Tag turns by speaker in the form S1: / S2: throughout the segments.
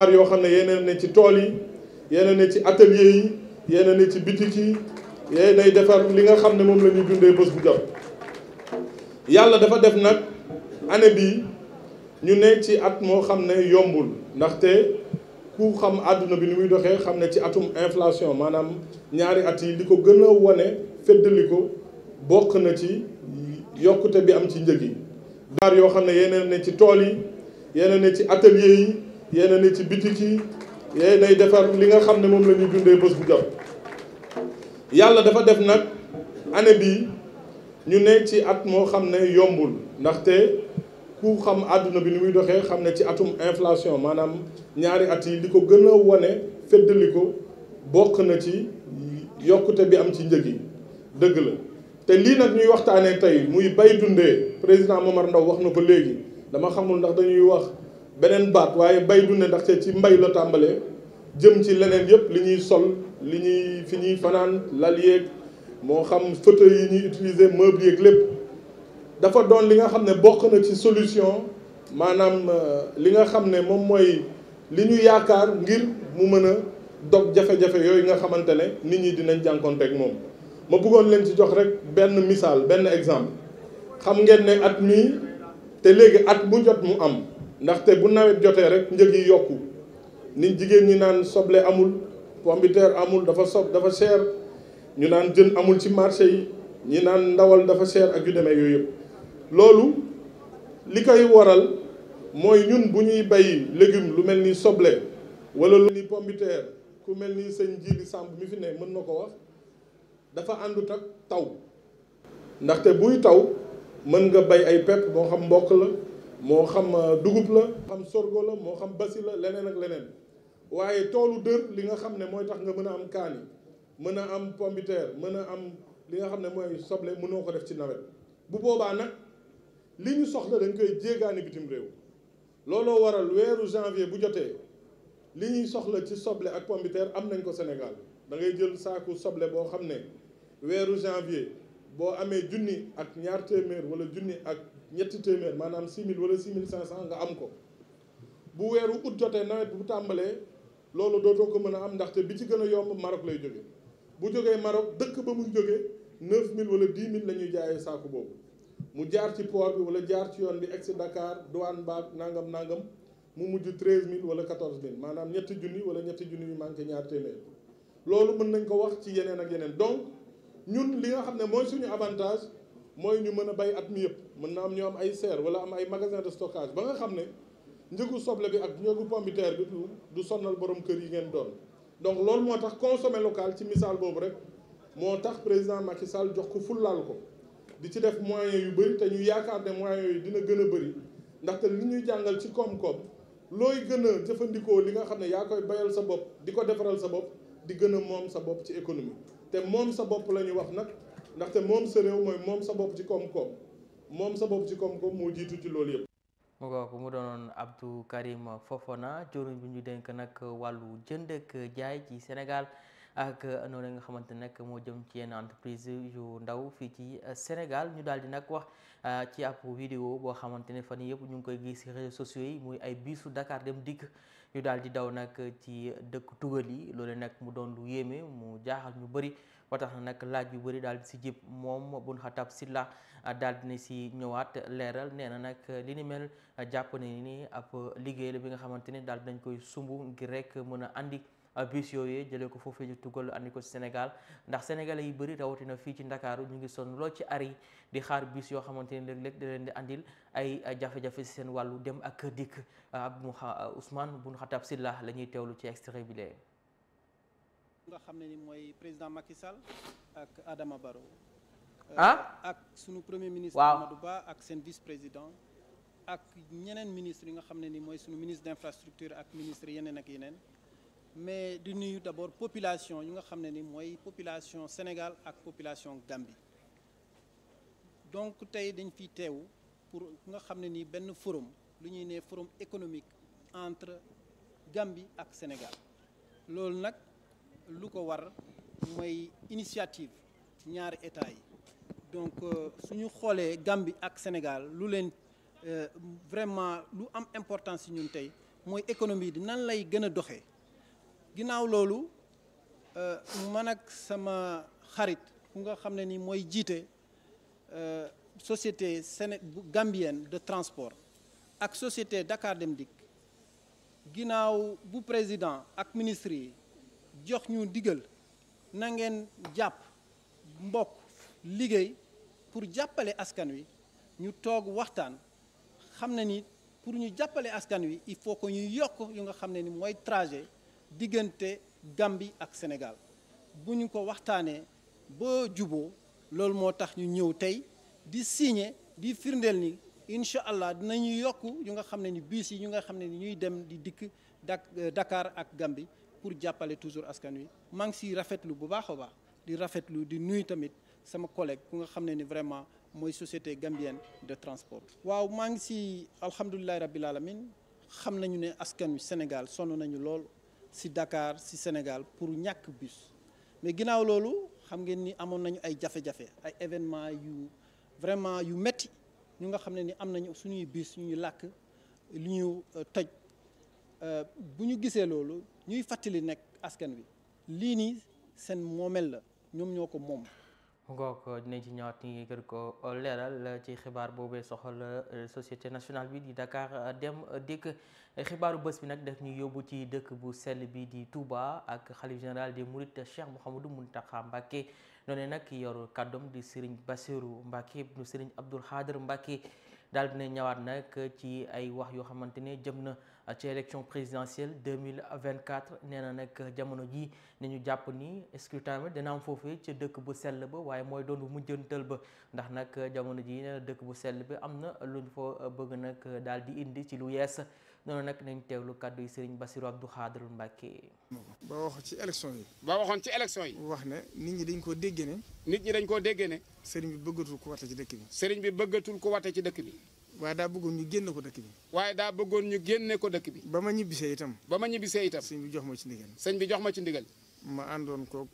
S1: ar yoo xam ne yeneen ne ci tool yi yeneen ci
S2: atelier yi yeneen ne ci bitik yi yeneen ay defar li nga xam ne moom la ñuy dundee bés bu jot yàlla dafa def nag année bii ñu ne ci at moo xam ne yombul ndaxte ku xam àdduna bi ni muy doxee xam ne ci atum inflation maanaam ñaari at yi li ko gën a wane feddali ko bokk na ci yokkute bi am ci njëg yi daar yoo xam ne yeneen ne ci tool yi yeneen ne ci atelier yi yéen a ci bitik yi yéen ay defar li nga xam ne moom la ñuy dundee bés bu jot yàlla dafa def nag année bii ñu ne ci at moo xam ne yombul ndaxte ku xam àdduna bi ni muy doxee xam ne ci atum inflation maanaam ñaari at yi li ko gën a wane feddali ko bokk na ci yokkute bi am ci njëg yi dëgg la te lii nag ñuy waxtaanee tey muy bay dundee président Momar Ndao wax na ko léegi dama xamul ndax dañuy wax. beneen baat waaye bay dunde ndaxte ci mbay la tàmbalee jëm ci leneen yëpp li ñuy sol li ñuy fi ñuy fanaan lal yeeg moo xam fauteuil yi ñuy utiliser meuble yeeg lépp dafa doon li nga xam ne bokk na ci solution maanaam euh, li nga xam ne moom mooy li ñu yaakaar ngir mu mën a dog jafe-jafe yooyu nga xamante ne nit ñi dinañ jànkoon jànkonteeg moom ma bëggoon leen ci jox rek benn misaal benn exemple xam ngeen ne at mii te léegi at bu jot mu am ndaxte bu nawet jotee rek njëg yi yokku ni jigéen ñi naan soble amul pombiteer amul dafa sob dafa cher ñu naan jën amul ci marché yi ñi naan ndawal dafa cher ak yu demee yooyu yëpp loolu li koy waral mooy ñun bu ñuy bay légum lu mel ni soble wala lu ni pombiteer ku mel ni sëñ Jiili sàmb mi fi ne mën na ko wax dafa àndut ak taw ndaxte buy taw mën nga bay ay pepp moo xam mboq la moo xam euh, dugub la xam sorgo la moo xam basi la leneen ak leneen waaye toolu dër li nga xam ne mooy tax nga mën a am kaani mën a am pombiteer mën a am li nga xam ne mooy soble mënoo ko def ci nawet bu boobaa nag li ñu soxla dañ koy jéegaani bitim réew looloo waral weeru janvier bu jotee li ñuy soxla ci soble ak pombiteer am nañ ko Sénégal dangay jël saaku soble boo xam ne weeru janvier boo amee junni ak ñaar téeméer wala junni ak ñetti téeméer maanaam 6000 wala 6500 nga am ko bu weeru ut jotee nawet bu tàmbalee loolu dootoo ko mën a am ndaxte bi ci gën a yomb Maroc lay jóge bu jógee Maroc dëkk ba muy jógee 9000 wala 10000 la ñuy jaayee saaku boobu mu jaar ci port bi wala jaar ci yoon bi egg si Dakar douane baag nangam nangam mu mujj 13000 wala 14000 maanaam ñetti junni wala ñetti junni yu manqué ñaar téeméer loolu mën nañ ko wax ci yeneen ak yeneen donc ñun li nga xam ne mooy suñu avantage. mooy ñu mën a bay at mi yëpp mën na am ñu am ay serre wala am ay magasin de stockage ba nga xam ne njëgu soble bi ak njëgu pombiteer bi du du sonnal borom kër yi ngeen doon donc loolu moo tax consommer local ci misaal boobu rek moo tax président Macky Sall jox ko fullaal ko di ci def moyens yu bëri te ñu yaakaar ne moyen yooyu dina gën a bëri ndaxte li ñuy jàngal ci koom-koom looy gën a jëfandikoo li nga xam ne yaa koy bayal sa bopp di ko defaral sa bopp di gën a moom sa bopp ci économie te moom sa bopp la ñu wax nag ndaxte moom sa mooy moom sa bopp ci koom-koom moom sa bopp ci koom-koom moo jiitu ci loolu yëpp.
S3: mu ko mu doonoon Abdou Karim Fofana jëwriñ bi ñu dénk nag wàllu jënd ak jaay ci senegal ak noonu nga xamante ne nag moo jëm ci yenn entreprise yu ndaw fii ci Sénégal ñu daal di nag wax ah, ci ab vidéo boo xamante ne fan yëpp ñu ngi koy gis ci sociaux yi muy ay bisu Dakar dem dikk ñu daal di daw nag ci dëkk tugal yi loole nag mu doon lu yéeme mu jaaxal ñu bëri. ba tax na nag laaj yu bari daal di si jib moom bun xatab silla ah, daal dina si ñëwaat leeral nee na nag li ni mel ah, jàpp ne nii ab liggéey la bi nga xamante ni daal nañ koy sumb ngir rek mën a andi ah, bus yooyu jëlee ko foofee ji tugal andi ko Sénégal ndax sénégalais yi bëri rawatina fii ci ndakaaru ñu ngi sonn lool ci ari di xaar bis yoo xamante ni léeg-léeg da leen di andil ay jafe-jafe si seen wàllu dem ak dikk ab Ousmane Bun Xatab Silla la ñuy teewlu ci extrait bi lee
S4: nga xam ne ni mooy président Macky Sall ak Adama Barrow. Euh, ah ak sunu premier ministre. waaw Ba ak seen vice président. ak ñeneen ministre yi nga xam ne ni mooy sunu ministre d' ak ministre yeneen ak yeneen. mais di nuyu d' abord population yi nga xam ne ni mooy population Sénégal ak population Gambie. donc tey dañ fi teewu pour nga xam ne ni benn forum lu ñuy nee forum économique entre Gambie ak Sénégal loolu nag. lu ko war mooy initiative ñaari état yi donc euh, suñu xoolee Gambie ak Sénégal lu leen euh, vraiment lu am importance ci ñun tey mooy économie di nan lay gën a doxee ginnaaw loolu euh, man ak sama xarit ku nga xam ne ni mooy jiite société séné gambienne de transport ak société Dakar Dem Dikk ginnaaw bu président ak ministre yi jox ñu ndigal nangeen jàpp mbokk liggéey pour jàppale askan wi ñu toog waxtaan xam na ni pour ñu jàppale askan wi il faut que ñu yokk yu nga xam ne ni mooy trajet diggante Gambie ak Sénégal bu ñu ko waxtaanee ba juboo loolu moo tax ñu ñëw tey di signé di firndeel ni incha allah dinañu yokk yu nga xam ne ni bus yi ñu nga xam ne ni ñuy dem di dikk Dakar ak gambi pour jàppale toujours askan wi maa ngi siy rafetlu bu baax a baax di rafetlu di nuyu tamit sama collègue ku nga xam ne ni vraiment mooy société gambienne de transport. waaw maa ngi si alhamdulilah rabbil alamin xam nañu ne askan wi Sénégal sonn nañu lool si dakaar si Sénégal pour ñàkk bus mais ginnaaw loolu xam ngeen ni amoon nañu ay jafe-jafe ay événement yu vraiment yu metti ñu nga xam ne ni am nañu suñuy bus ñu làkk li ñu toj. Euh, bu ñu gisee loolu ñuy fàttali nekk askan wi lii nii seen moomeel la ñoom ñoo ko moom.
S3: ngook dinañ ci ñëwaat ngi gën ko leeral ci xibaar boobee soxal euh, société nationale bi di Dakar dem dikk xibaaru bés bi nag daf ñu yóbbu ci dëkk bu sell bi di tuuba ak xalif général des Mourides Cheikh Mouhamadou Mountakha Mbacké noonu nag yoru kàddoom di Serigne Bassirou Mbacké sëriñ Serigne Abdoul Khadr Mbacké daal ne ñawaat nag ci ay wax yoo xamante ne jëm na ci élection présidentielle 2024 nee na nag jamono ji ni ñu jàpp ni scrutin bi dina am foofee ci dëkk bu sell ba waaye mooy doon bu mujjantal ba ndax nag jamono ji nee dëkk bu sell bi am na lu ñu fa bëgg nag daal di indi ci lu yees
S1: noonu nag nañ teewlu kàddu yi Serigne Bassirou Abdou Khadrou Mbacké ba wax ci élection yi ba waxoon ci élection yi wax ne nit ñi dañ koo dégg ne nit ñi dañ koo dégg ne sëriñ bi bëggatul ko wate ci dëkk bi sëriñ waaye daa bëggoon ñu génne ko dëkk bi waaye daa bëggoon ñu génne ko dëkk bi ba ma ñibbisee itam ba ma ñibbisee itam sëñ bi jox ma ci ndigal señ bi jox ma ci ndigal ma àndoon ko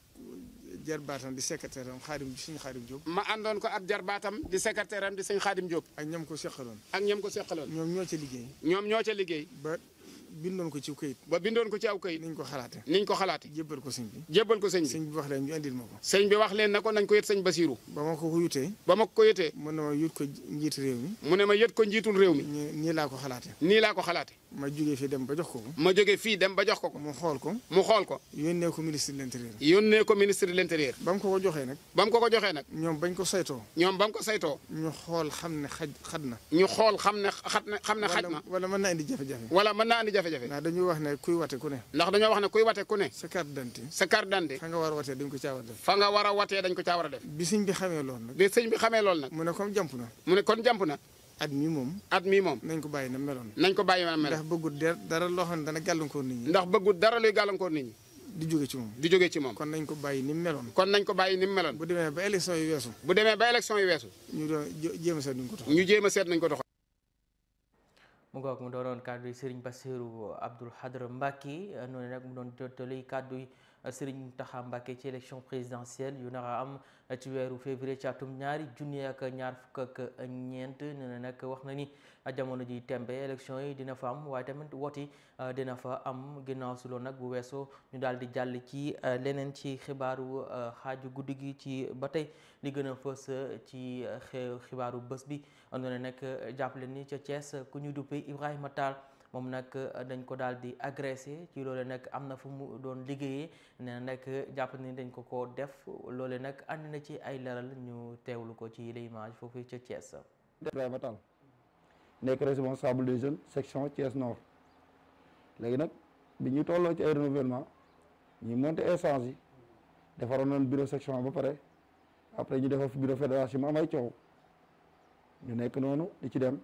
S1: jarbaatam di secrétaire am xaadim di sëñ xaadim ma àndoon ko ak jarbaatam di secrétaire am di señ xaadim Diop ak ñam ko seqaloon ak ñoom ko seqaloon ñoom ñoo ca liggéey ñoom ñoo ca liggéey ba bindoon ko ci kayit ba bindoon ko ci aw kayit niñ ko xalaate niñ ko xalaate jébbal ko sëñ bi jébbal ko sëñ bi wax leen ñu indil ma ko sëñ bi wax leen na ko nañ ko yët sëñ Basiiru ba ma ko ko yutee ba ma ko ko yutee mu ne ma yët ko njiitu réew mi mu ne ma yët ko njiitul réew mi nii laa ko xalaate nii laa ma jógee fii dem ba jox ko ko ma jógee fii dem ba jox ko ko mu xool ko mu xool ko yónnee ko ministre de l'intérieur yónnee ko ministre de l'intérieur ba mu ko ko joxee nag ba mu ko ko joxee nag ñoom bañ ko saytoo ñoom ba mu saytoo ñu xool xam ne xaj xat na ñu xool xam ne xat na xam ne xaj wala mën naa indi jafe jafe-jafe ndax dañuy ndax dañoo wax ne kuy wate ku ne sa carte d'identité sa carte war a watee dañ ko caa def fa war a watee dañ ko caa def bi sëñ bi xamee loolu nag bi sëñ bi na mu ne kon na at moom at moom nañ ko bàyyi na meloon nañ ko bàyyi dara loo dana gàllankoor nit ñi ndax bëggut dara luy gàllankoor nit ñi di jóge ci moom di jóge ci moom kon nañ ko bàyyi ni meloon kon nañ ko bàyyi ni meloon bu demee ba élection yu weesu bu
S3: mu ngoog mu doonoon kàddu yi Serigne Bassirou eh, Abdoul Khadre Mbacké eh, noonu nag mu doon jottali kàddu yi eh, Serigne Mountakha Mbacké ci élection présidentielle yu nar am ci weeru février ci atum ñaari junni ak ñaar fukk ak ñeent nee na nag wax na ni jamono ji tembe élection yi dina fa am waaye tamit woti ah, dina fa am ginnaaw si nag bu weesoo ñu daal di jàll ci ah, leneen ci xibaaru ah, xaaju guddi gi ci ba tey li gën a fës ci xibaaru bés bi andoona nag jàppale ni ca ku ñu duppee Ibrahima Tall moom nag eh, dañ ko daal di agressé ci loole nag am na fu mu doon liggéeyee ne na nag jàpp ni dañ ko ko def loole nag ànd na ci ay leral ñu teewlu ko ci l'image foofu ca Thiès. Ibrahima Tall
S5: nekk responsable des jeunes section Thiès Nord léegi nag bi ñu tolloo ci ay renouvellement ñu monté instance yi defaroon nañ bureau section ba pare après ñu defar bureau fédération mu am ay coow ñu nekk noonu di ci dem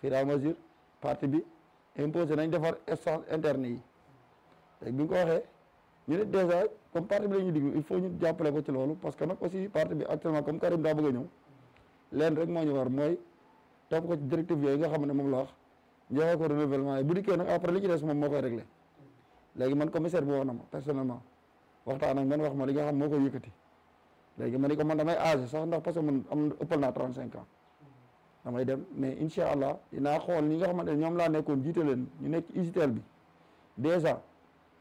S5: fur mesure parti bi imposé nañ defar instance interne yi léegi bi nga ko waxee ñu ne a comme parti bi la ñuy il faut ñu jàppale ko ci loolu parce que nag aussi parti bi actuellement comme Karim daa bëgg a ñëw leen rek moo ñu war mooy topp ko directive yooyu nga xam ne moom la wax ko renouvellement yi bu dikkee nag après li ci des moo koy réglé léegi man commissaire bi woo na ma personnellement waxtaan ak man wax ma li nga xam moo koy yëkkati léegi ma ni ko man damay âgé sax ndax parce que man am ëppal naa trente cinq damay dem mais incha allah dinaa xool ñi nga xamante ne ñoom laa nekkoon jiite leen ñu nekk usitel bi dèjà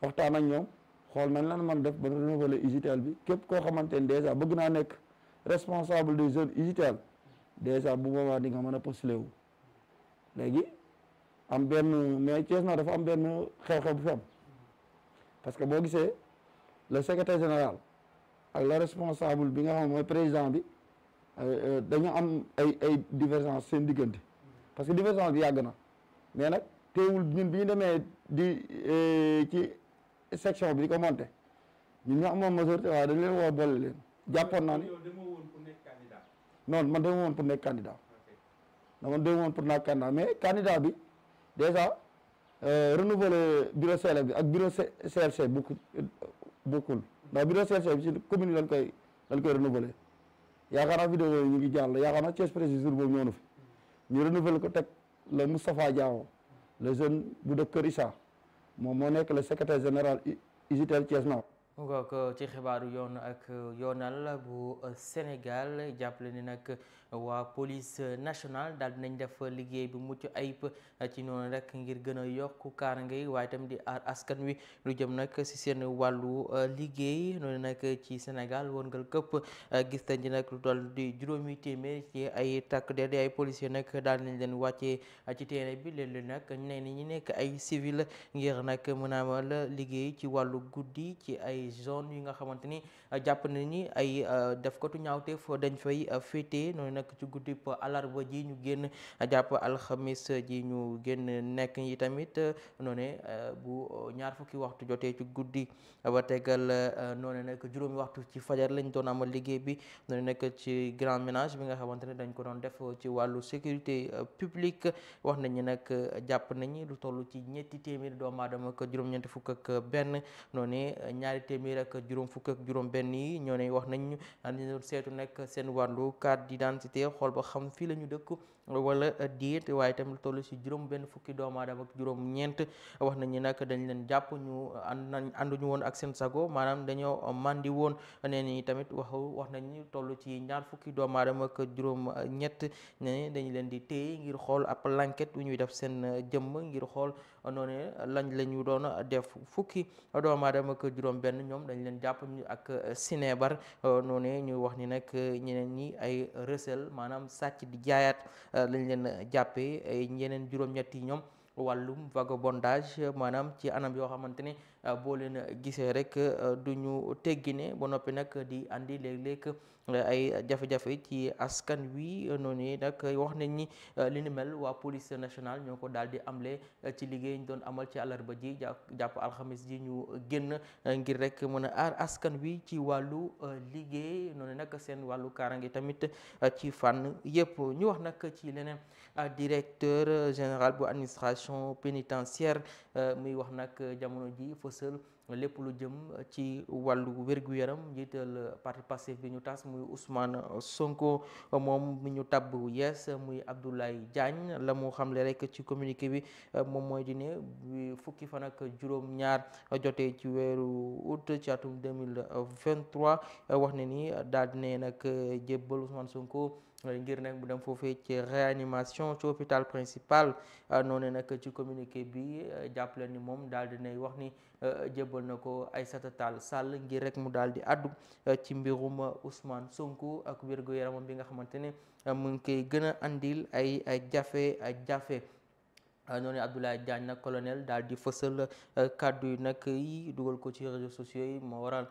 S5: waxtaan ak ñoom xool nañ lan man def ba renouveler usitel bi képp koo xamante ne dèjà bëgg naa nekk responsable des jeunes usitel dèjà bu boobaa di nga mën a postulé wu léegi am benn mais Thiès na dafa am benn xew-xew bu fi parce que boo gisee le secrétaire général ak le responsable bi nga xam mooy président bi Euh, euh, dañu am ay ay divergence seen diggante parce que divergence bi yàgg na mais nag teewul ñun bi ñu demee di euh, ci section bi di ko monté ñun ñoo amoon majorité waaw dañ leen woo boole leen jàppoon naa ni non man dama woon pour nekk candidat dama dama woon pour nekk candidat mais candidat bi déjà renouveler bureau CLF bi ak bureau CLC bokkul bokkul ndax bureau CLC bi ci commune yi lañ koy lañ koy renouveler yaakaar naa vidéo yooyu ñu ngi jàll yaakaar naa Thiès Prestige jour boobu ñëw na fi ñu renouveler ko teg le Moustapha Diawo le jeune bu dëkk Kër moom moo nekk le secrétaire général Isitel Thiès Nord.
S3: mu ngoog ci xibaaru yoon ak yoonal bu Sénégal jàppale ni nag. waa police nationale daal dinañ def liggéey bu mucc ayib ci noonu rek ngir gën a yokk kaaraange yi waaye itam di aar askan wi lu jëm nag si seen wàllu euh, liggéey noonu nag ci Sénégal woon ngal këpp euh, gis nañ nag lu toll di juróomi téeméer ci ay takk der di ay policier nag daal nañ leen wàccee ci terrain bi leen leen nag nee ni ñu nekk ay civil ngir nag mën a amal liggéey ci wàllu guddi ci ay zone yi nga xamante euh, jàpp na ay def ko tu dañ fay féetee noonu nag ci guddi alarba ji ñu génn jàpp alxamis ji ñu génn nekk yi tamit eh, noone eh, bu eh, ñaar fukki waxtu jotee ci guddi ba tegal noone nag juróomi waxtu ci fajar lañ doon amal liggéey bi noone nag ci grand ménage bi nga xamante ne dañ ko doon def ci wàllu sécurité publique wax nañu nag jàpp nañu lu toll ci ñetti téeméer doomu aadama ak juróom-ñeenti fukk ak benn noone ñaari téeméer ak juróom fukk ak juróom benn yi ñoo ne wax nañ dañu seetu nag seen wàllu cité xool ba xam fii la ñu dëkk wala diit waaye tamit toll si juróom benn fukki doomu aadama ak juróom ñeent wax nañu nag dañ leen jàpp ñu ànduñu woon ak seen sago maanaam dañoo mandi woon nee ni tamit wax wax nañu toll ci ñaar fukki doomu aadama ak juróom ñett dañu leen di téye ngir xool ab lanket bu ñuy def seen jëmm ngir xool noonu lañ la ñu doon def fukki doomu aadama ak ñoom dañ leen jàpp ñu ak sinebar noone ñu wax ni nag ñeneen ñi ay recel maanaam sàcc di jaayaat Euh, lañ leen euh, jàppee yeneen juróom-ñett yi ñoom wàllum vagabondage maanaam ci anam yoo xamante ne euh, boo leen gisee rek du ñu teggi ba noppi nag di andi léeg-léeg Euh, ay jafe-jafe ci askan wi euh, noonu nag euh, wax nañ ni li mel waa police nationale ñoo ko daal di amle ci liggéey ñu doon amal ci àllarba ji jàpp alxamis ji ñu génn ngir rek mën a aar askan wi ci wàllu liggéey noonu nag seen wàllu kaaraange tamit ci fànn yëpp ñu wax nag ci leneen directeur général bu administration pénitentiaire muy wax nag jamono ji fësal lépp lu jëm ci wàllu wér yaram njiital parti Pastef bi ñu tas muy usmaan Sonko moom mi ñu tabb yees muy Abdoulaye Diagne la mu xamle rek ci communiqué bi moom mooy di ne fukki fan ak juróom-ñaar jotee ci weeru août ci atum 2023 wax na ni daal nee ne nag jébbal Ousmane Sonko. Euh, ngir nag mu dem foofee ci réanimation ci hôpital principal euh, noonu nag ci communiqué bi euh, jàppale ni moom daal di nay wax ni jébbal na ko ay satatal sàll ngir rek mu daal di addu ci mbirum Ousmane Sonko ak wér-gu-yaramam bi nga xamante ne mu ngi koy gën a andil ay ay jafe ay jafe. noonu Abdoulaye Diagne nag colonel daal di fësal kàddu yi nag yi dugal ko ci réseaux sociaux yi moo waral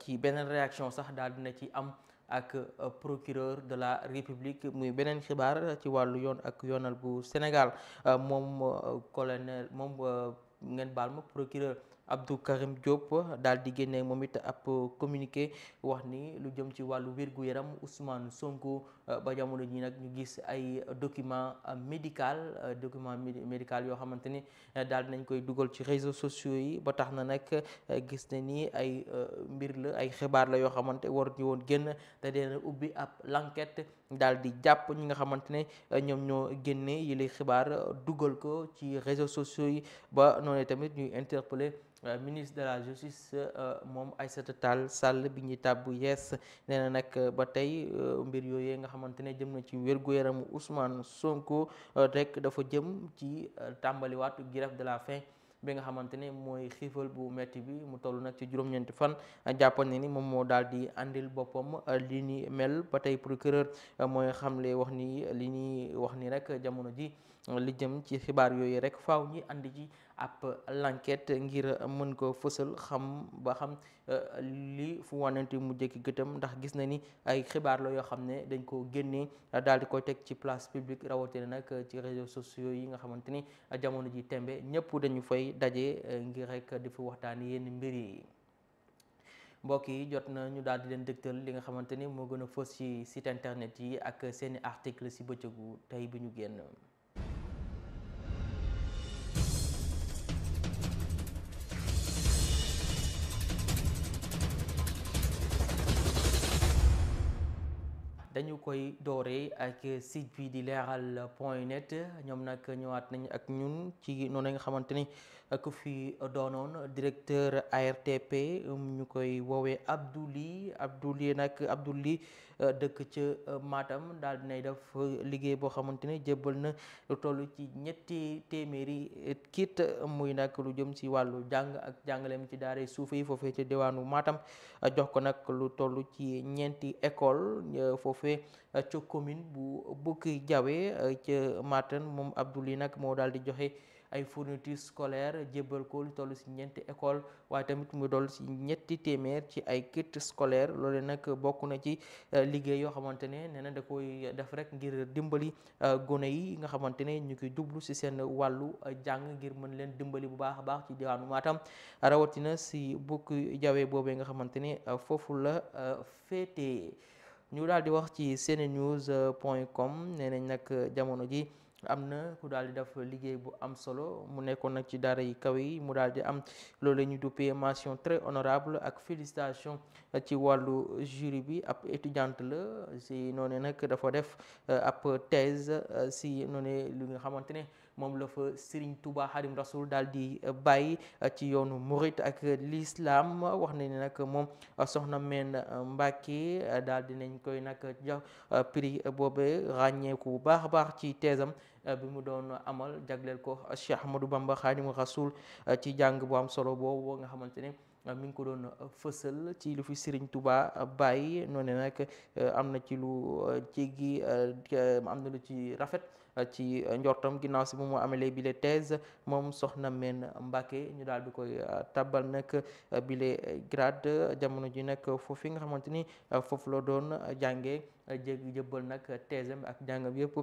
S3: ci beneen réaction sax daal dina ci am. ak euh, procureur de la république muy beneen xibaar ci wàllu yoon ak yoonal bu Sénégal euh, moom euh, colonel moom ngeen baal ma procureur Abdou Karim Diop daal di génne moom it ab communiqué wax ni lu jëm ci wàllu wér yaram Ousmane Sonko. Euh, ba jamono ji nag ñu gis ay document euh, médical euh, document médical yoo xamante ni daal nañ koy dugal ci réseaux sociaux yi ba tax na nag gis na ni ay mbir la ay xibaar la yoo xamante war ñu woon génn te dina ubbi ab l'enquête daal di jàpp ñi nga xamante ne ñoom ñoo génne yi lay xibaar dugal ko ci réseaux sociaux yi ba noonu tamit ñuy interpeller ministre de la justice moom Aïssata Tall sàll bi ñuy tàbbu yees nee na nag ba tey mbir yooyee xamante ne jëm na ci wér-gu-yaramu Ousmane Sonko euh, rek dafa jëm ci euh, tàmbaliwaatu grève de la faim bi nga xamante ne mooy xiifal bu metti bi mu toll nag ci juróom-ñeenti fan jàppal ne ni moom moo daal di àndil boppam euh, li ni mel ba tey procureur mooy xamle wax nii li ñuy wax nii rek jamono ji li jëm ci xibaar yooyu rek faaw ñi ànd ji ab l'enquête ngir mën koo fësal xam ba xam euh, li fu wanante mu jëkki gëtam ndax gis na ni ay xibaar la yoo xam ne dañ ko génne daal di koy teg ci place publique rawatina nag ci réseaux sociaux yi nga xamante ni jamono ji tembe ñëpp dañu fay daje euh, ngir rek di fi waxtaan yenn mbir yi. mbokk yi jot na ñu daal leen dëgtal li nga xamante ni moo gën a fës ci site internet yi ak seeni article si bëccëgu tey bi ñu génn. dañu koy doore ak site bii di leeral point net ñoom nag ñëwaat nañu ak ñun ci noonu nga xamante ni ak fi doonoon directeur ARTP um, ñu koy woowee Abdou Ly Abdou Ly nag Abdou Ly uh, dëkk ca uh, maatam daal nay def uh, liggéey boo xamante ne jébbal na lu toll ci ñetti téeméeri kiit muy nag lu jëm si wàllu jàng ak jàngaleem ci daara suufe yi foofee ca diwaanu Matam jox ko nag lu toll ci ñeenti école foofee ca commune bu Bukki Jawe ca Matam moom Abdou Ly nag moo daal di joxe ay fournitures scolaires jébbal ko lu toll si ñeenti école waaye tamit mu doll si ñetti téeméer ci ay kit scolaire loole nag bokk na ci euh, liggéey yoo xamante ne nee na da koy def rek ngir dimbali euh, gone yi nga xamante ne ñu koy jublu si seen wàllu jàng ngir mën leen dimbali bu baax a baax ci diwaanu Matam rawatina si bukk jawee boobee nga xamante ne euh, foofu la féetee ñu daal di wax ci senenews point com nee nañ nag jamono ji am na ku daal di def liggéey bu am solo mu nekkoon nag ci dara yi kaw yi mu daal di am loolu ñu ñu duppee mention très honorable ak félicitation ci wàllu jury bi ab étudiante la si noonu nag dafa def eh, ab thèse eh, si noonu lu nga xamante ne moom la fa Serigne Touba Xadim Rasoul daal di eh, bàyyi eh, ci yoonu murit ak eh, l'islam wax na nañ nag moom soxna Meen Mbacke daal di nañ koy nag jox prix boobe ràññeeku bu baax a baax ci teesam bi mu doon amal jagleel ko Cheikh Ahmadou Bamba Xadim Rasoul ci jàng bu am solo boobu nga xamante ne. mi ngi ko doon fësal ci lu fi Serigne Touba bàyyi noonu nag am na ci lu jéggi am na lu ci rafet ci njortam ginnaaw si bu mu amalee bile thèse moom soxna men Mbacke ñu daal di koy euh, tabal nag euh, bile grade jamono ji nag foofu nga xamante ni euh, foofu la doon jànge jég jëbbal nag thèse ak jàngam yëpp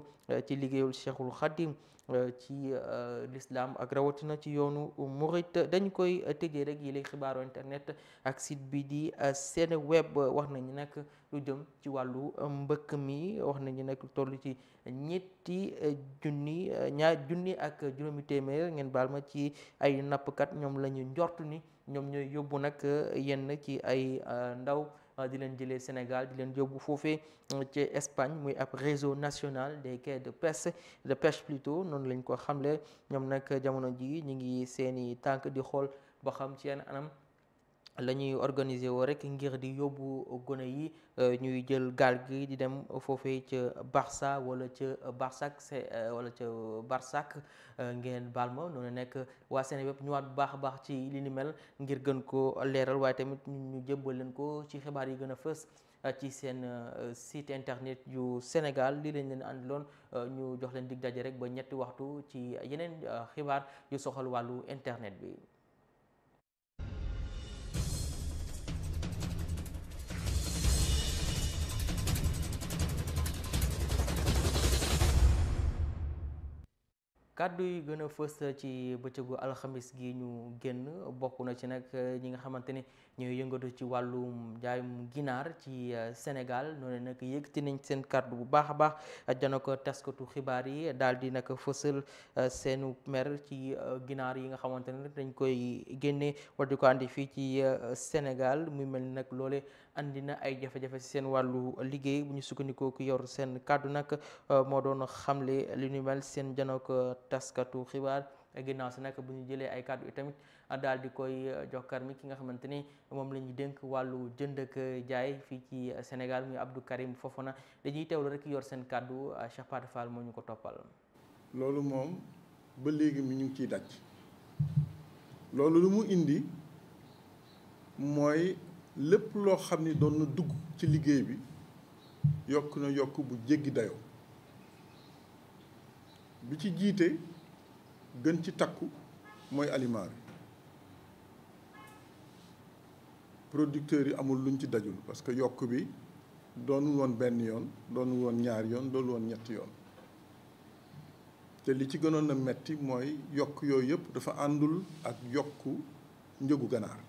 S3: ci liggéeyul Cheikhul Khadim Euh, ci euh, l'islam ak rawatina ci yoonu murit dañ koy euh, tëjee rek yi lay xibaaru internet ak site bi di web wax nañu nag lu jëm ci wàllu mbëkk mi wax nañu nag lu toll ci ñetti junni ñaar junni ak juróomi téeméer ngeen baal ma ci ay nappkat ñoom lañu ñu njort ni ñoom ñooy yóbbu nag yenn ci ay ndaw di leen jëlee Sénégal di leen yóbbu foofee euh, ci Espagne muy ab réseau national des quais de pêche de pêche plutôt noonu lañ ko xamle ñoom nag jamono ji ñu ngi seeni tànk di xool ba xam ci yenn anam lañuy ñuy organiser ngir di yóbbu gone yi euh, ñuy jël gaal gi di dem foofee ca Barça wala ca Barsak euh, wala ca Barsak euh, ngeen baal ma noonu nekk waa seen yëpp ñëwaat bu baax a baax ci li ni mel ngir gën ko leeral waaye tamit ñu jëmbal leen ko ci xibaar yi gën a fës ci seen site internet yu Sénégal lii lañ leen àndiloon ñu jox leen dig daje rek ba ñetti waxtu ci yeneen xibaar yu soxal wàllu internet bi. kàddu yu gën a fës ci bëccëgu alxamis gi ñu génn bokk na ci nag eh, ñi nga xamante ni ñooy yëngatu ci wàllum jaayum ginaar ci eh, Sénégal noonu nag yëkkati nañ seen kàddu bu baax a baax jana ko teskotu xibaar yi daal di nag fësal eh, seenu mer ci ginaar yi nga xamante ne dañ koy génne war ko andi fii ci Sénégal muy mel ni loole andi na ay jafe-jafe ci seen wàllu liggéey bu ñu sukkandikoo ku yor seen kàddu nag euh, moo doon xamle li nu mel seen janook euh, taskatu xibaar ginnaaw si nag bu ñu jëlee ay kàddu itamit daal di koy euh, jokkar mi ki nga xamante ni moom la ñu dénk wàllu jënd ak jaay fii ci senegal muy Abdou Karim Fofana dañuy teewlu rek yor seen kàddu Cheikh Pade moo ñu ko toppal.
S6: loolu moom ba léegi mi ñu loolu lu mu indi mooy lépp loo xam ni doon na dugg ci liggéey bi yokk na yokk bu jéggi dayoo bi ci jiite gën ci takku mooy aliment bi producteurs yi amul luñ ci dajul parce que yokk bi doonul woon benn yoon doonul woon ñaar yoon doonul woon ñetti yoon te li ci gënoon a metti mooy yokk yooyu yëpp dafa àndul ak yokku njëgu ganaar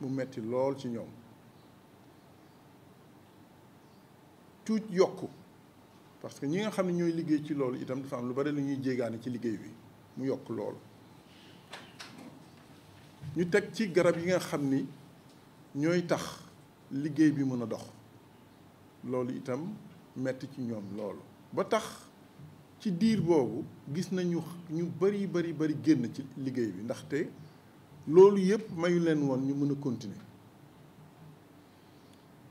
S6: mu metti lool ci ñoom tuut yokk parce que ñi nga xam ne ñooy liggéey ci loolu itam dafa am lu bari lu ñuy jéegaane ci liggéey bi mu yokk loolu ñu teg ci garab yi nga xam ni ñooy tax liggéey bi mën a dox loolu itam metti ci ñoom loolu ba tax ci diir boobu gis nañu ñu bari bari bari génn ci liggéey bi ndaxte loolu yëpp mayu leen woon ñu mën a continuer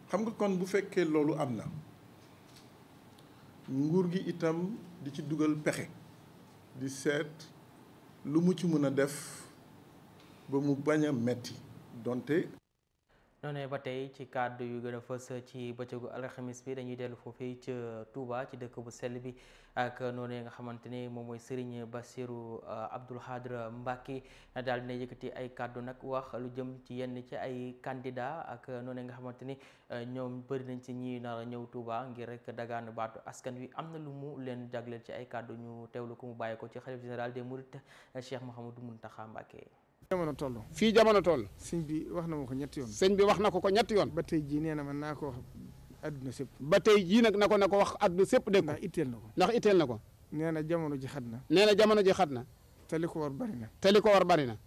S6: xam nga kon bu fekkee loolu am na nguur gi itam di ci dugal pexe di seet lu mu ci mën a def ba mu bañ a metti donte
S3: noonee ba tey ci kàddu yu gën a ci bëccëgu alxamis bi dañuy dellu foofee ca Touba ci dëkk bu sell bi ak noonee nga xamante ne moom mooy Serigne Bassirou euh, Abdoul Khadre Mbacké na dina yëkkati ay kàddu nag wax lu jëm ci yenn ci ay candidat ak noonee nga xamante ni euh, ñoom bëri nañ ci ñi nar ñëw Touba ngir rek dagaanu baatu askan wi am na lu mu leen jagleel ci ay kàddu ñu teewlu ko mu bàyyi ko ci xalif général des Mourides Cheikh Mouhamadou Mountakha Mbacké
S1: jamono toll fii jamono toll sëñ bi wax na ma ko ñetti yoon sëñ bi wax na ko ko ñetti yoon ba tey jii nee na man naa ko wax adduna sëpp ba tey jii nag na ko na ko wax adduna sëpp dégg ndax itteel na ko ndax itteel na ko nee na jamono ji xat na nee na jamono ji xat na ko war bari na ko war bari na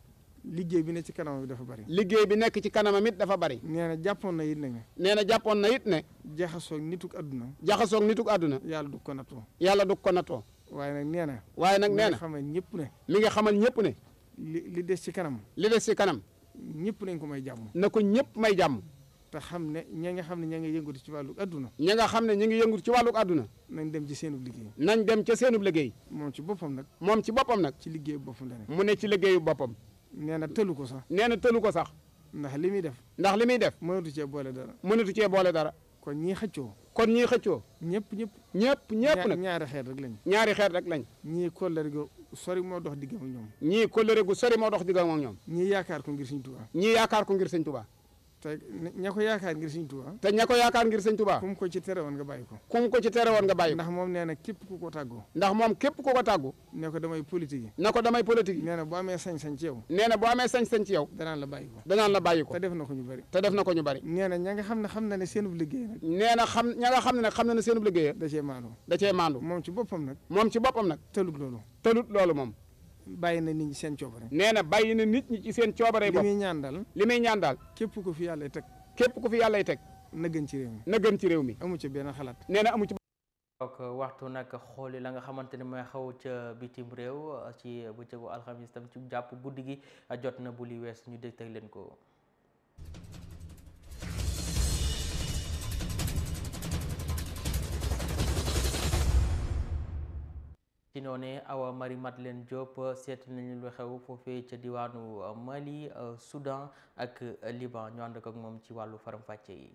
S1: liggéey bi nekk ci kanamam it dafa bari liggéey bi nekk ci kanamam it dafa bari nee na jàppoon na it ne nee na jàppoon na it ne jaxasoog nituk adduna jaxasoog nituk adduna yàlla du ko natoo yàlla du ko natoo waaye nag nee na waaye nag nee na ñëpp ne mi nga xamal ñëpp ne li li des ci kanam. li des ci kanam. ñëpp nañ ko may jàmm. na ko ñëpp may jàmm. te xam ne ña nga xam ne ña ngi yëngatu ci wàllu adduna. ña nga xam ne ñu ngi yëngut ci wàllu adduna. nañ dem ci seenub liggéey. nañ dem ca seenub liggéey. moom ci boppam nag. moom ci boppam nag. ci liggéeyu boppam la mu ne ci liggéeyu boppam. nee na tëlu ko sax. nee na tëlu ko sax. ndax li muy def. ndax li muy def. mënatu cee boole dara. mënatu cee boole dara. kon ñii xëccoo. kon ñii xëccoo. ñëpp ñëpp. ñëpp ñëpp nag ñaari xeet rek lañ. ñaari xeet rek lañ. ñii kóllëre gu sori moo dox diggam ak ñoom. ñii kóllëre gu sori moo dox diggam ak ñoom. ñii yaakaar ko ngir Sëñ Tuubaa. ñii yaakaar ko ngir Sëñ Tuubaa. te ña ko yaakaar ngir sëñ Tuubaa te ña yaakaar ngir sëñ Tuubaa kum ko ci tere woon nga bàyyi ko kum tere woon nga bàyyi ko ndax moom nee na képp ko tàggu ndax moom képp ku ko tàggu ne ko damay politique yi ne ko damay politique yi nee amee sañ-sañ ci yow nee na bu amee sañ-sañ ci yow danaan la bàyyi ko danaan la bàyyi ko te def ko ñu bari te def na ko ñu bari nee na ña xam ne xam na ne seenub liggéey nag nee na xam ña nga xam ne nag xam na ne seenub liggéey da cee maandu da cee maandu moom ci boppam nag moom ci boppam nag tëlut loolu tëlut loolu moom bàyyi na nit ñi seen coobare. nee na bàyyi na nit ñi ci seen coobare bopp li muy ñaan daal li muy ñaan daal. képp ko fi yàlla teg. képp ku fi yàlla teg. na gën ci réew mi gën ci réew mi. amu ci benn xalaat nee na amu ci.
S3: donc waxtu nag xooli la nga xamante ni mooy xaw ca bitim réew ci bëccëgu alxamis tam ci jàpp guddi gi jot na bu li wees ñu teg leen ko. ci noone Awa Marie Madeleine Diop seet nañu lu xew foofee ca diwaanu Mali sudan ak Liban ñu moom ci wàllu faram yi.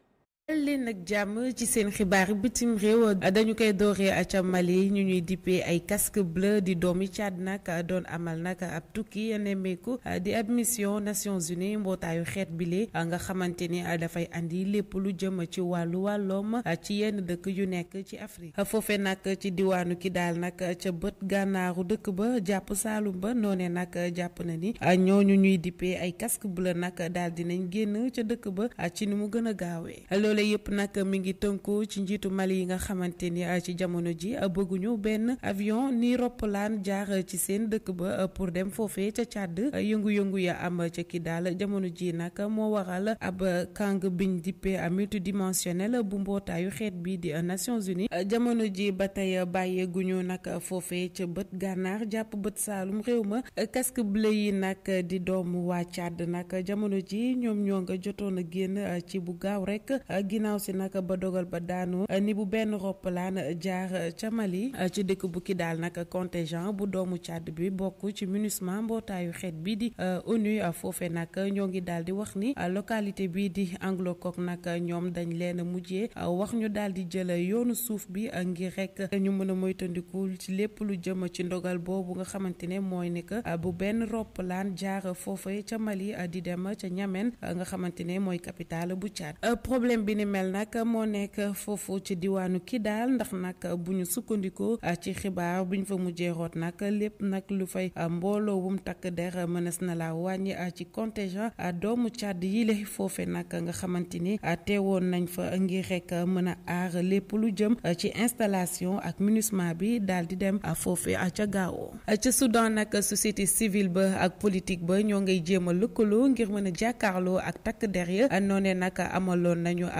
S7: leen nag jàmm ci seen xibaar bitim réew dañu koy dooree ca Mali ñu ñuy dippee ay casque bleu di doomi Tchad nag doon amal nag ab tukki nemmeeku di ab mission Nations Unies mbootaayu xeet bile a nga xamante ni dafay indi lépp lu jëm ci wàllu wàlloom ci yenn dëkk yu nekk ci Afrique foofe nag ci diwaanu ki daal nag ca bët gànnaaru dëkk ba jàpp saalum ba noone nag jàpp na ni ñooñu ñuy dippee ay casque bleu nag daal dinañ génn ca dëkk ba ci ni mu gën a gaawee loole yëpp nag mi ngi tënku ci njiitu Mali yi nga xamante ni ci jamono ji bëgguñu benn avion ni roppalaan jaar ci seen dëkk ba pour dem foofee ca càdd yëngu-yëngu ya am ca Kidal jamono ji nag moo waral ab kàng biñ dippe multidimensionnel bu mbootaayu xeet bi di Nations Unies jamono ji ba tey bàyyeeguñu nag foofee ca bët gànnaar jàpp bët saalum réew ma casque bleu yi nag di doomu waa Tchad nag jamono ji ñoom ñoo nga jotoon a génn ci bu gaaw rekk ginnaaw si nag ba dogal ba daanu ni bu benn roppalaan jaar ca Mali ci dëkk bu daal nag contingent bu doomu Tchad bi bokk ci MINUSMA mbootaayu xeet bi di euh, ONU foofe nag ñoo ngi daal di wax ni localité bii di Anglo-Coc nag ñoom dañ leen mujjee euh, wax ñu daal di jël yoonu suuf bi euh, ngir rek ñu mën a moytandiku ci lépp lu jëm ci ndogal boobu nga xamante ne mooy ne que bu benn roppalaan jaar foofe ca Mali di dem ca Niamey nga xamante ne mooy capitale bu Tchad problème bi ni mel nag moo nekk foofu ci diwaanu daal ndax nag bu ñu sukkandikoo ah, ci xibaar bu ñu fa mujjee root nag lépp nag lu fay ah, mbooloo wum takk der mënees na laa wàññi ah, ci contingent doomu Tchad yi la foofe nag nga xamante ni teewoon nañ fa ngir rek mën a aar lépp lu jëm ci installation ak MINUSMA bi daal di dem foofe ca Gao ca Soudan nag société civile ba ak politique ba ñoo ngay jéem lëkkaloo ngir mën a jàkkaarloo ak takk der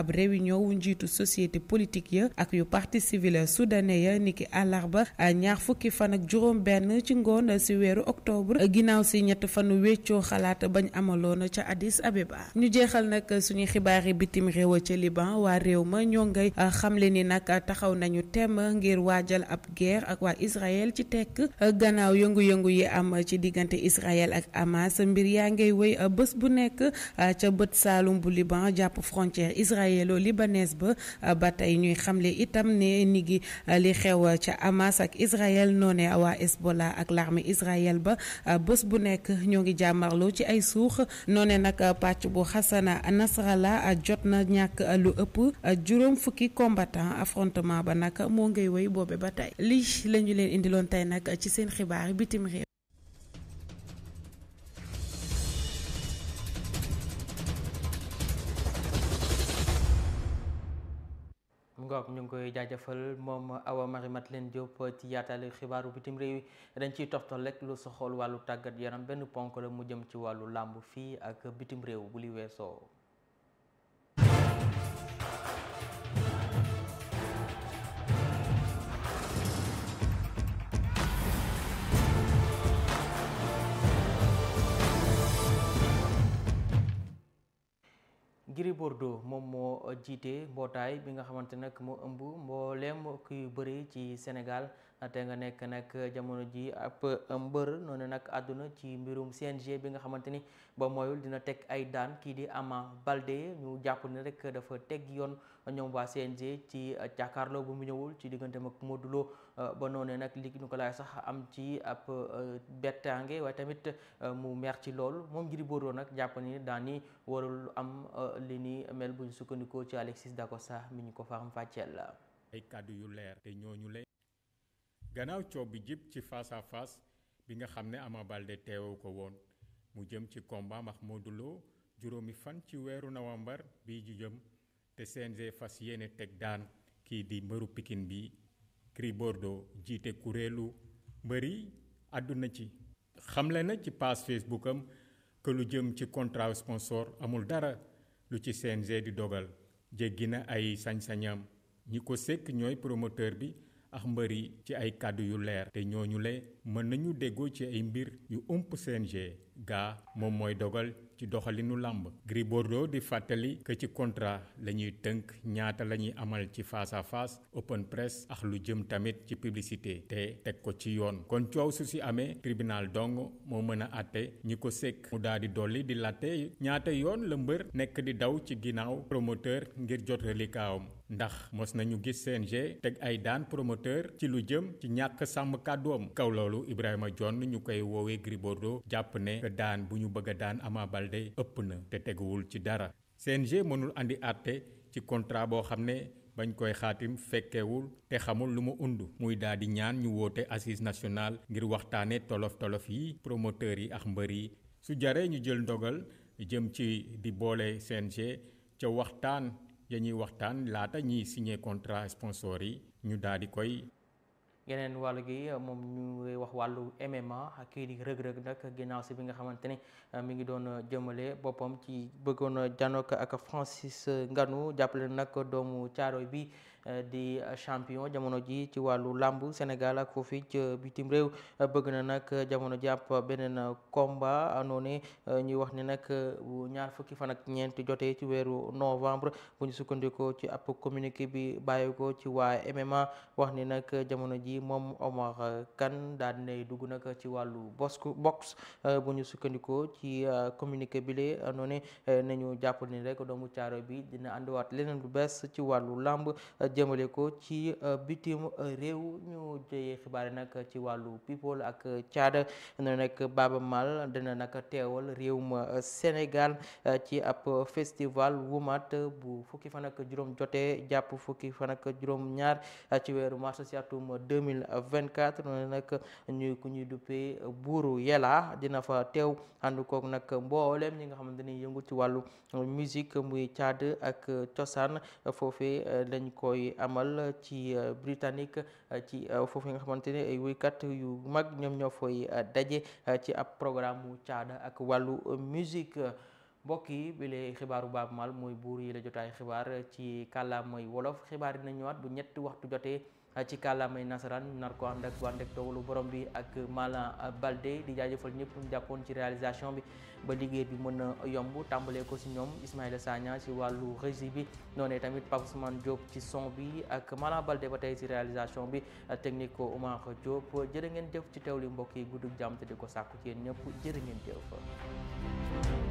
S7: ab réunion wu njiitu société politique ya ak yu parti civil soudanais ya niki àllarba ah, ñaar fukki fan ak juróom benn ci ngoon si weeru octobre ah, ginnaaw si ñett fanu weccoo xalaat bañ amaloon ca Addis Abeba ñu jeexal nag suñu xibaar yi bitim réew ca Liban waa réew ma ñoo ngay ah, xamle ni nag taxaw nañu temm ngir waajal ab guerre ak waa Israël ci tekk gannaaw yëngu-yëngu yi am ci diggante Israël ak Hamas mbir yaa ngay wéy bés bu nekk ca bët saalum bu waayeloo libanaise ba euh, ba tey ñuy xamle itam ne ni gi euh, li xew euh, ca Hamas ak Israël noo waa Hezbollah ak l'armée Israël ba bés bu nekk ñoo ngi jàmmarloo ci ay suux noone ne nag pàcc bu Hasana Nasrallah jot na ñàkk lu ëpp juróom fukki combattant affrontement ba nag moo ngay woy boobe ba tey lii leen indiloon tey nag ci seen xibaar bitim réew
S3: mu ngoog ñu ngi koy jaajëfal moom Awa Marie Madeleine Diop ci yaataale xibaaru bitim réew yi dañ ciy toftal rek lu soxol wàllu tàggat yaram benn ponk la mu jëm ci wàllu làmb fii ak bitim réew bu li weesoo Gris Bordeaux moom moo euh, jiite mbootaay bi nga xamante nag moo ëmb mbooleem kuy bëri ci Sénégal te nga nekk nag jamono ji ab mbër noonu nag àdduna ci mbirum CNG bi nga xamante ni ba mooyul dina teg ay daan kii di Ama balde ñu jàpp ne rek dafa teg yoon ñoom waa CNG ci jàkkaarloo bu mu ñëwul ci digganteem ak Modou Lo ba noonee nag li ñu ko laay sax am ci ab euh, bettange waaye tamit euh, mu mer ci lool moom Gris Bordeaux nag jàpp ni daan ni warul am euh, li ni mel bu ñu
S8: sukkandikoo ci Alexis Dacosta mi ñu ko faram fàcceel la gannaaw coow bi jib ci face à bi nga xam ne Ama Baldé teewu ko woon mu jëm ci combat max Modou Lo juróomi fan ci weeru novembre bi ju jëm te CNG fas yéene teg daan kii di mbëru pikin bi Gris Bordeaux jiite kuréelu mbëri àdduna ci xamle na ci page Facebook am lu jëm ci contrat sponsor amul dara lu ci CNG di dogal jéggi na ay sañ-sañam ñi ko sekk ñooy promoteur bi ax mbër yi ci ay kàddu yu leer te ñooñu le mën nañu déggoo ci ay mbir yu ëmp CNG gaa moom mooy dogal ci doxalinu làmb Gris Bordeaux di fàttali que ci contrat la ñuy tënk ñaata la ñuy amal ci face à face open press ak lu jëm tamit ci publicité te teg ko ci yoon kon coow su si amee tribunal dong moo mën a àtte ñi ko sekk mu daal di dolli di latte ñaata yoon la mbër nekk di daw ci ginnaaw promoteur ngir jot relikaawam ndax mos nañu gis seen CNG teg ay daan promoteur ci lu jëm ci ñàkk sàmm kàdduwam kaw loolu loolu Ibrahima John ñu koy woowee gribodo jàpp ne daan bu ñu bëgg a daan Ama Baldé ëpp na te teguwul ci dara g mënul indi àtte ci contrat boo xam ne bañ koy xaatim fekkewul te xamul lu mu und muy daal di ñaan ñu woote assise nationale ngir waxtaane tolof tolof yi promoteur yi ak mbër yi su jaree ñu jël ndogal jëm ci di boole g ca waxtaan ya ñuy waxtaan laata ñiy signe contra sponsor yi ñu daal di koy
S3: geneen wàll gi euh, moom ñu ngi wax wàllu MMA kii di rëg-rëg nag ginnaaw si bi nga xamante ne euh, mi ngi doon euh, jëmale boppam ci bëggoon janook ak Francis Ngannou jàppale nag doomu Caaroy bi Eh, di eh, champion jamono ji ci wàllu làmb Sénégal ak foofu ci eh, bitim réew bëgg na nag jamono jàpp beneen komba anoone ñuy wax ne nag ñaar fukki fan ak ñeent jotee ci weeru novembre bu ñu sukkandikoo ci app communique bi bàyyi ko ci waa wax ni nag jamono ji moom Omar Kane daal dinay dugg nag ci wàllu bosku box bu ñu sukkandikoo ci communiqué bi lee anoone nañu jàpp ni rek doomu caaro bi dina àndiwaat leneen lu bees ci wàllu làmb jëmale ko ci euh, bitim euh, réew ñu jëyee xibaar yi nag ci wàllu people ak caada ñu nekk Baba Maal dina nag teewal ma euh, Sénégal ci ab festival wumat bu fukki fan ak juróom jotee jàpp fukki fan ak juróom ñaar ci weeru mars ci atum 2024 ñu nag ñuy ku ñuy duppee buuru yela dina fa teew ànd kook nag mbooleem ñi nga xamante ni yëngu ci wàllu musique muy caada ak cosaan foofee lañ koy koy amal ci euh, britanique euh, ci euh, foofu yi nga xamante ne ay woykat yu mag ñoom ñoo fooy daje ci ab programme wu caada ak wàllu musique mbokk yi bile xibaaru Baaba mal mooy buur yi la jotaay xibaar ci kàllaamay wolof xibaar dina ñëwaat bu ñetti waxtu jotee ci kàllaamay nasaraan ñu nar ko ànd ak wànd borom bi ak mala Balde di jaajëfal ñëpp jàppoon ci réalisation bi ba liggéey bi mën a yomb tàmbalee ko si ñoom Ismaïla Sagna si wàllu régi bi noonee tamit Pape Ousmane Diop ci son bi ak Mala Balde ba tey si réalisation bi technique ko Omar Diop jërë ngeen jëf ci teewli mbokk yi guddug jàmm di ko sàkku ci yéen ñëpp jërë ngeen jëf